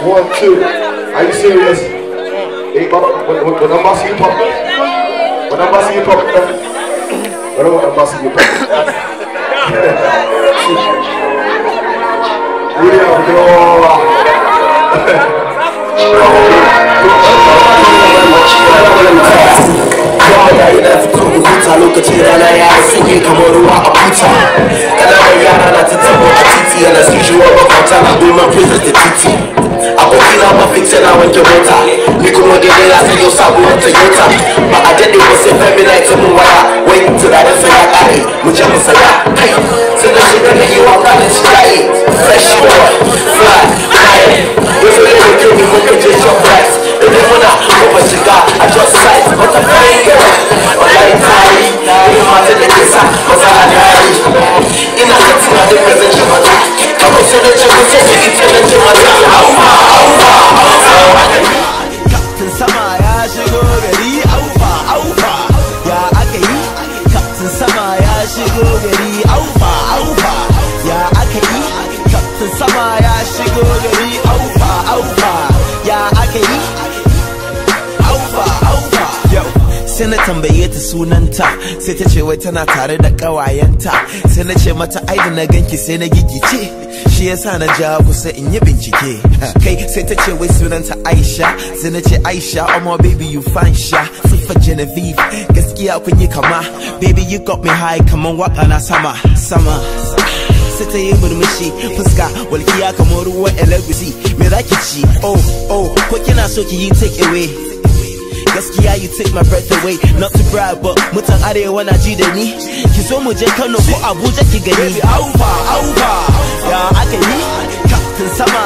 One, two. Are you serious? Hey, Papa, when, when, when I'm asking you, Papa. When I'm asking you, Papa. When I'm asking you, Papa. we are God. Kawai na fito bukuta lokacin rana ya yi sun yi kamar ruwa a buta. magerera sai yau sabuwar toyota ba a daɗe ba sai feminine ta mun waya wai tunanin su ya ƙare mu je mu saya kai sai da shi da na yi wa ƙanin shi yayi fresh boy zo yi aufa aufa ya aka yi aufa aufa yau sai na tambaye ta sunanta sai ta ce wai tana tare da kawayenta sai na ce mata ai na ganki sai na gigice shi yasa na ja kusa in yi bincike kai sai ta ce wai sunanta Aisha sai na ce Aisha oh my baby you fine sha sifa Genevieve gaskiya kun yi kama baby you got me high kaman waka sama sama sai ta me oh oh take away you take my breath away not to brag but mutan arewa na ji da ni ki so ko Abuja ki gani aufa ya aka captain sama